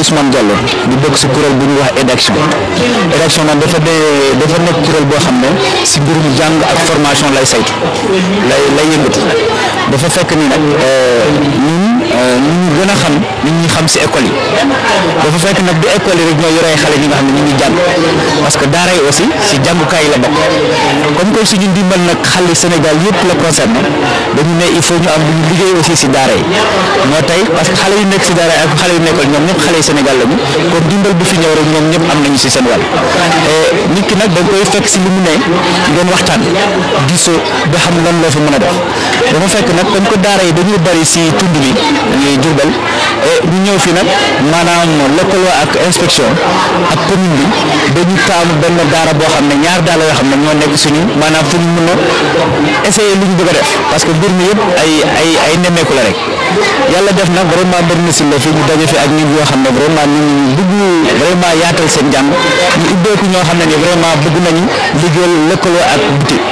Ousmane Diallo di bokk si kuréel bu ñuy wax éducation éducation nag dafa de dafa nekk kuréel boo xam ne si mbirum jàng ak formation lay saytu lay lay yëngatu dafa fekk ni nag euh, Euh, ñu ñu gën a xam ñu ñuy xam si école yi dafa fekk nag du école yi rek ñoo yore ay xale ñi nga xam ne ñu ngi jàng parce que daara yi aussi si jàngukaay yi la bokk comme que suñu ndimbal nag xale Sénégal yëpp la concerne dañu ne il faut ñu am ñu liggéey aussi si daara yi moo tey que xale yu nekk si daara ak xale yu nekkul ñoom ñëpp xale yu Sénégal lañu kon bu fi ñëw rek ñoom ñëpp am nañu si seen wàll euh, nit ki nag da koy fekk si li mu ne ngeen waxtaan diisoo ba xam lan loo fi mën a def dafa fekk nag comme que daara yi dañuy bari si tund bi Diourbel ñu ñëw fi nag maanaam lëkkaloo ak inspection ak commune bi dañu taamu benn daara boo xam ne ñaar daara yoo xam ne ñoo nekk suñu maanaam fu mu mën a essayer lu ñu bëgg a def parce que mbir mi yëpp ay ay ay nemmeeku la rek. yàlla def na vraiment mbër mi si la fii ñu daje fi ak nit yoo xam ne vraiment ñu ngi bëgg vraiment yaatal seen jàng ñu ubbeeku ñoo xam ne ni vraiment bëgg nañu liggéeyal lëkkaloo ak boutique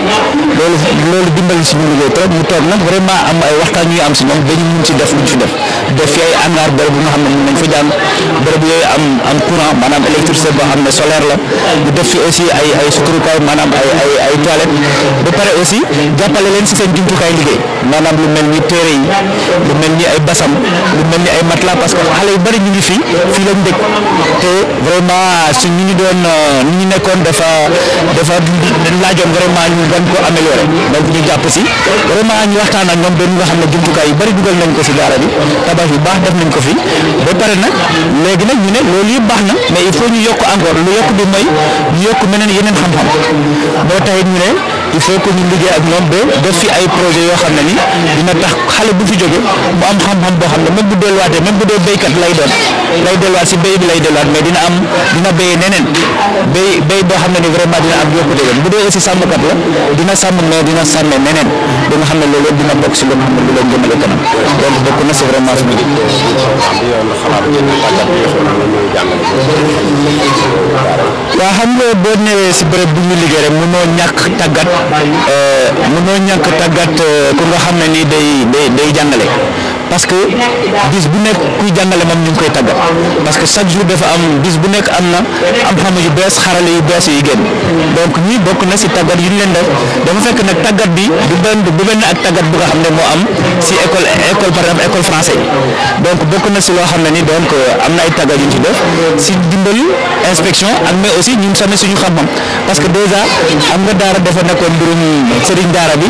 loolu loolu dimbali suñu liggéey trop mu toog na vraiment am ay waxtaan ñuy am si ñoom ba ñu mun si def lu ñu def. def fi ay hangar bërëb bu nga xam ne mën nañ fa jàng bërëb yooyu am am maanaam électricité boo xam ne solaire la ñu def fi aussi ay ay suturukaay maanaam ay ay ay ba pare aussi jàppale leen si seen jumtukaay liggéey maanaam lu mel ni téere yi lu mel ni ay basam lu mel ni ay matelas parce que xale yu bëri ñu ngi fi fii lañ dëkk te vraiment su ñu euh, ñu doon ni ñu nekkoon dafa dafa laajoon vraiment ñu gën ko améliorer donc ñu jàpp si vraiment ñu waxtaan ak ñoom ba ñu ne jumtukaay yu bëri dugal nañ ko si daara bi élevage yu baax def nañ ko fi ba pare nag léegi ne loolu yëpp baax na mais il faut ñu yokk encore lu yokk bi mooy ñu yokk meneen yeneen xam-xam boo taxit ñu ne il faut que ñu liggéey ak ñoom ba def fi ay projet yoo xam ne ni dina tax xale bu fi jóge mu am xam-xam boo xam ne même bu delluwaatee même bu dee béykat lay doon lay delluwaat si béy bi lay delluwaat mais dina am dina béyee neneen béy béy boo xam ne ni vraiment dina am yokkute bu dee aussi sàmmkat la dina sàmm mais loolu dina bokk si li nga xam ne dina jëmale kanam donc na si vraiment fi mu ne. waaw xam nga boo ñëwee si bërëb bu ñu liggéey rek mënoo ñàkk tàggat euh, mënoo ñàkk tàggat euh, ku nga xam ne nii day day day jàngale. parce que bis bu nekk kuy jàngale moom ñu ngi koy tàggat parce que chaque jour dafa am bis bu nekk am na am xam yu bees xarale yu bees yu génn donc ñi bokk na si tàggat yu ñu leen def dafa fekk nag tàggat bi du ak tàggat bu xam ne moo am si école école par école français donc bokk na si loo xam ne ni donc euh, am na ay tàggat yu ñu ci si dimbali inspection ak mais aussi ñun same ñu xam-xam parce que déjà am nga daara dafa nekkoon mbirum sëriñ daara bi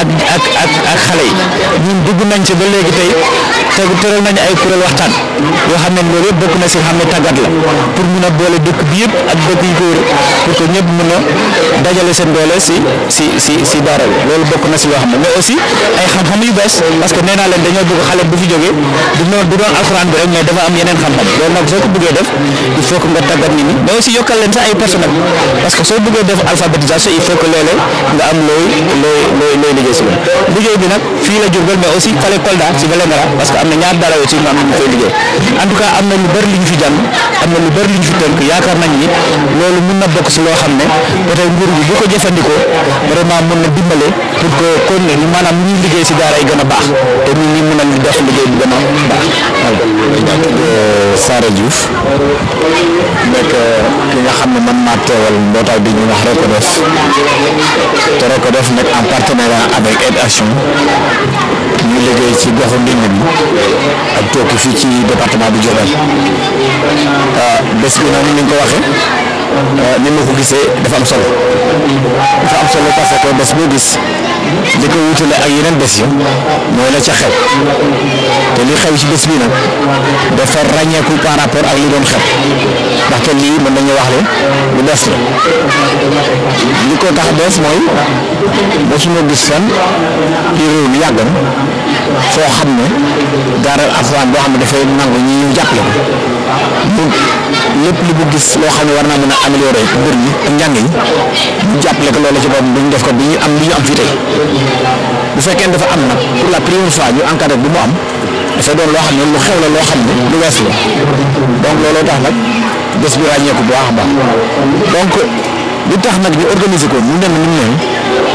ak ak ak ak xalé yi ñun dugg nañ ci ba légui tay té teural nañ ay kurel waxtaan yo xamné lool yépp bokku na ci xamné tagat la pour mëna boole dëkk bi yépp ak dëkk yi ko pour que ñëpp mëna dajalé seen doole ci ci ci ci dara lool bokku na ci lo xamné mais aussi ay xam xam yu bes parce que néna leen dañoo bëgg xalé bu fi joggé du non du doon alcorane bi rek mais dafa am yeneen xam xam lool nak soko bëggé def il faut que nga tagat nit ñi mais aussi yokal leen sa ay personnel parce que so bëggé def il faut que lolé nga am loy loy loy loy liggéey si loolu liggéey bi nag fii la Diourbel mais aussi Kale Kolda si Vélingara parce que am na ñaar dara aussi ñu am ñu koy liggéey en tout cas am na lu bëri li ñu fi jàng am na lu bëri li ñu fi tënk yaakaar nañ ni loolu mun na bokk si loo xam ne ba tey nguur gi bu ko jëfandikoo vraiment mun na dimbale pour que kon ne maanaam ñu liggéey si daara yi gën a baax te ñun ñi mun a def liggéey bu gën a baax. Euh, Sara Diouf nekk ki nga xam ne man maa teewal mbootaay bi ñu wax rek ko def te rek ko def nekk en partenariat avec Aide Action ñu liggéey ci goxu Ndindi bi ak Tokki fii ci département bi Diourbel ah, bés bi nag ni ngi ko waxee ah, ni ma ko gisee dafa am solo dafa am solo parce que bés boo gis li ko wutale ak yeneen bés yi mooy la ca xew te li xew ci bés bi nag dafa ràññeeku par rapport ak li doon xew ndaxte lii mën nañu jaaxle lu des la li ko tax des mooy mosuma gis seen ci réew mi yàgg na foo xam ne gaaral alxuraan boo xam ne dafay nangu ñi ñu jàppale ko lépp li bu gis loo xam ne war naa mën a améliorer mbir mi ak njàng yi ñu jàppale ko loolu ci boppam duñ def ko bi ñu am li ñu am fii tey bu fekkee dafa am nag pour la première fois ñu encadré bi mu am dafay doon loo xam lu xew la loo xam ne lu wees la donc looloo tax nag bés bi ko bu wax ba donc li tax nak ñu organiser ko mu dem ni ñu ñëw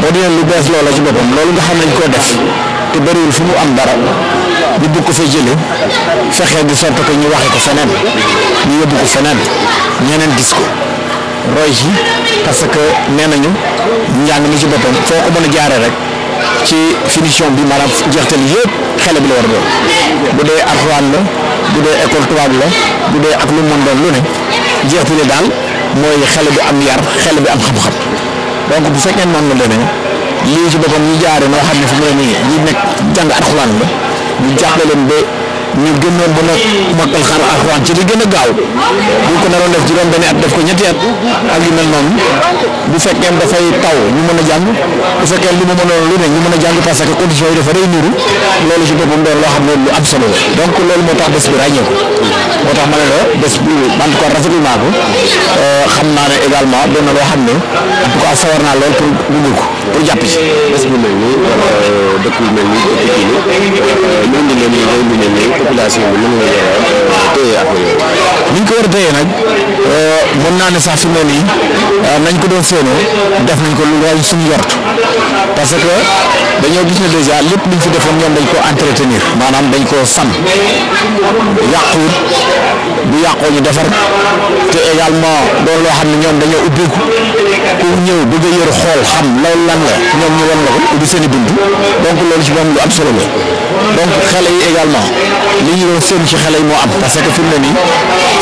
boo dee lu bes loolu ci bopam loolu nga xam nañ koo def te bëriwul fu mu am dara ñu bu ko fa jëlee fexe di sorte que ñu waxé ko fenen ñu yóbbu ko fenen ñeneen gis ko roy ji parce que nee nañu njàng ci bopam foo ko mën a rek ci finition bi maanaam jeextal yépp xélé bi la war do bu dé arwan la bu dé école tubaab la bu dé ak lu mën doon lu né jeexitali daal mooy xel bi am yar xale bi am xam-xam donc bu fekkee noonu la demee lii ci boppam ñu jaaree noo xam ne fi mu ne nii ñi nekk jàng alxuraan la ñu jàppale leen ba. ñu gënoon ba nag mokkal xar alxuraan ci li gën a gaaw bu ko naroon def juróom benn at def ko ñetti at ak yu mel noonu bu fekkee dafay taw ñu mën a jàng bu fekkee li mu mënoon lu ne ñu mën a jàng parce que condition yi dafa day niru loolu ci boppam doon loo xam ne lu am solo la donc loolu moo tax bés bi ràññee ko moo tax ma ne la bés bi en tout cas rafetlu naa ko euh, xam naa ne également doon na loo xam ne en tout cas sawar naa lool pour dugg ko. pour jàpp ci bés euh, dëkk bu mel nii dëkk population bi mën nga euh, téye ak ko war a téye nag euh, mën naa ne sax fi mu ne nii nañ ko doon séenoo def nañ ko lu raw suñu yort parce que dañoo gis ne dèjà lépp luñ fi defoon ñoom dañ koo entretenir maanaam dañ ko san yàquwut bu yàqoo ñu defar te également doon loo xam ne ñoom dañoo ubbeeku. ku ñëw bëgg a yor xool xam loolu lan la ñoom ñu wan la ko ubbi seen i bunt donc loolu ci moom lu am solo la donc xale yi également li ñu doon seen ci xale yi moo am parce que fi mu ne nii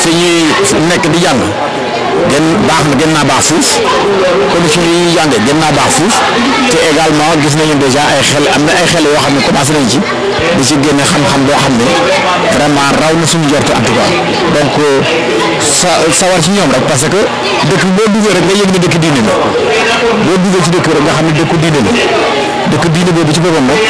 su ñuy nekk di jàng gën baax na gën naa baax fuuf conditions yi ñuy jàngee gën naa baax fuuf te également gis nañu déjà ay xel am na ay xel yoo xam ne commencé nañ ci di ci génne xam-xam boo xam ne vraiment raw na suñu njort en tout cas donc euh, sa sawar ci ñoom rek parce que dëkk boo duggee rek nga yëg ne dëkk diine la boo duggee ci dëkk rek nga xam ne dëkku diine la dëkk diine boobu ci boppam rek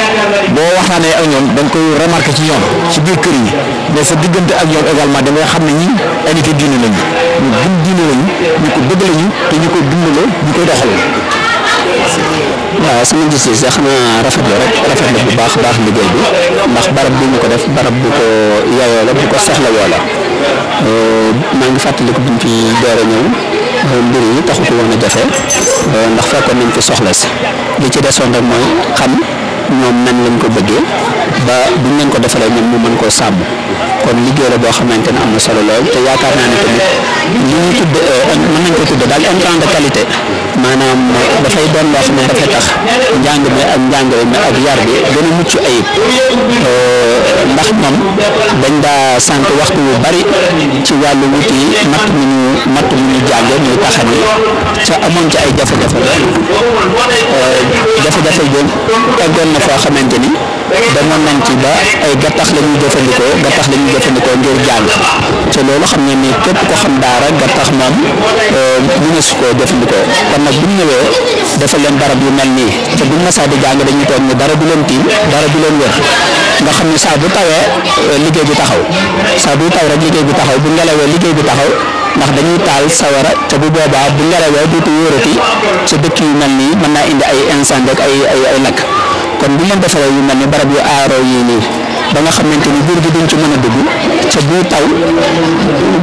boo waxtaanee ak ñoom da koy remarqué ci ñoom ci biir kër yi mais sa diggante ak ñoom également da xam ne ñi unité diine lañu. ñu gëm diine lañu ñu ko bëgg ñu ko dund la ñu koy doxal waaw sama gis-gis sax xanaa rafetlu rek rafetlu bu baax baax liggéey bi ndax barab bu ñu ko def barab bu ko yaayoo la bu ko soxla woo la euh, maa ngi fàttaliku buñ fi door a ñëw euh, mbir yi taxutu woon a euh, ndax fekkoon nañ fi soxla si li ci desoon rek mooy xam ñoom nan lañ ko bëggee ba buñ leen ko defalee ñoom mu mën koo sàmm. kon liggéey la boo xamante ne am na solo lool te yaakaar naa ni tamit li ñu tudd euh, mën nañ ko tudd daal intrant de qualité maanaam dafay doon loo xam ne dafay tax njàng mi ak njàngale mi ak yar bi gën mucc ay euh, ndax moom dañ daa sant waxtu yu bari ci wàllu wuti matt mu ñu matt mu ñu jànge muy taxani ca amoon ci ay jafe-jafe la euh, jafe-jafe na foo xamante ni demoon nañ ci ba ay gattax la ñuy jëfandikoo gattax la ñuy jëfandikoo ngir jàng te loolu xam ngeen ni képp ko xam daara gattax moom euh, mu ne su ko jëfandikoo kon nag bu ñu ñëwee dafa leen barab yu mel nii te bu ñu masaa di jàng dañuy toog ni dara du leen tiim dara du leen wër xam ni saa bu tawee euh, liggéey bi taxaw saa buy taw rek liggéey bi taxaw bu ngelawee liggéey bi taxaw ndax dañuy taal sawara te bu boobaa bu ngelawee dootu wóorati ci dëkk yu mel nii mën naa indi ay incendie ak ay nakk kon bu ñu leen yu mel ni barab yu aaroo yii nii ba nga xamante ni buur gi duñ ci mën a dugg ca bu taw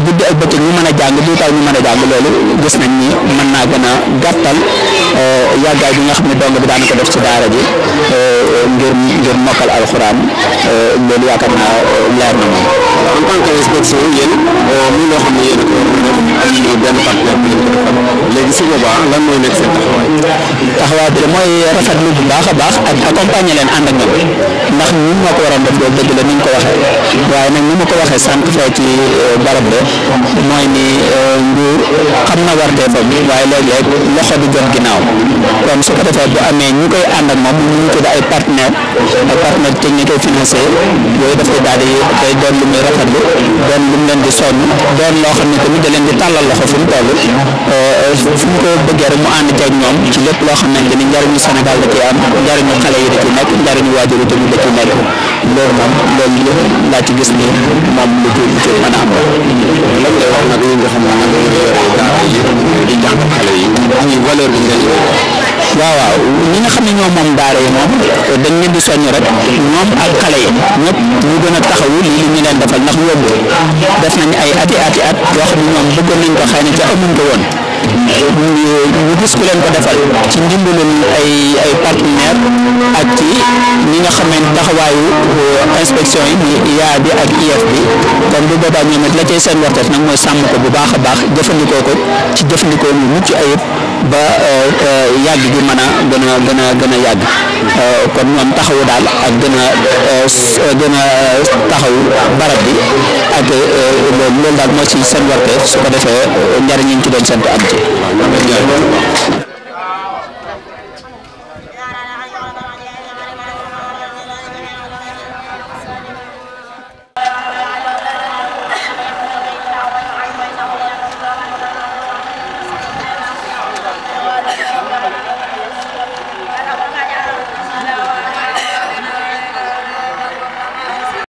guddi ak bëccëg ñu mën a jàng bu taw ñu mën a jàng loolu gis nañ ni mën naa gën a gàttal euh, yàggaay bi nga xam ne dong bi daanaka def ci daara ji euh, ngir ngir mokkal alxuraan euh, loolu yaakaar naa leer na moom. en tant que inspection yéen muy loo xam ne yéen a ko am benn partenaire bi ngeen ko defal léegi su boobaa lan mooy nekk seen taxawaay. taxawaay bi mooy rafetlu bu baax a baax ak accompagner leen ànd ak ñoom ndax. moo ko waroon def loolu dëgg la ni ñu ko waaye nag ni ma ko waxee ci fee ci euh, barab ba mooy ni euh, nguur xam na bi waaye léeg-léeg loxo du jot ginnaaw kon su ko defee bu amee ñu koy ànd ak moom ngi tudd ay partenaire ay partenaire technique et financier yooyu dafay daal di day doon lu muy rafetlu doon lu mu leen di sonn doon loo xam ne tamit da leen di tàllal loxo fu mu toll euh, fu mu ko bëggee rek mu ànd ceeg ñoom ci lépp loo xam ne njariñu Sénégal da ciy am njariñu xale yi da ciy nekk njariñu waajur yi tamit da ciy nekk loolu moom loolu la laa ci gis ni moom lu tuuti ci mën a am lan lay wax nag yi nga xam ne nag daara yi di jàng xale yi ñu valeur bi ngeen waaw waaw ñi nga xam ne ñoom moom daara yi moom dañ leen di soññ rek ñoom ak xale yi ñëpp ñu gën a taxawu lii li ñu leen defal ndax yóbbu def nañ ay ati ati at yoo xam ne ñoom bëggoon nañ ko xëy na ca amuñ ko woon ñu gis ku leen ko defal ci ndimbalul ay ay partenaire ak ci ñi nga xam ne taxawaayu euh, inspection yi muy bi ak IF bi kon bu boobaa ñoom it la cay seen wartet nag mooy sàmm ko bu baax a baax jëfandikoo ko ci jëfandikoo mu mucc ay ba euh, euh, yàgg gi mën a gën a gën a gën a yàgg Euh, kon ñoom taxawu daal ak gën a euh, gën barab bi ak euh, loolu daal moo ci seen warteef su ko defee njariñ ñu ci doon seen am ci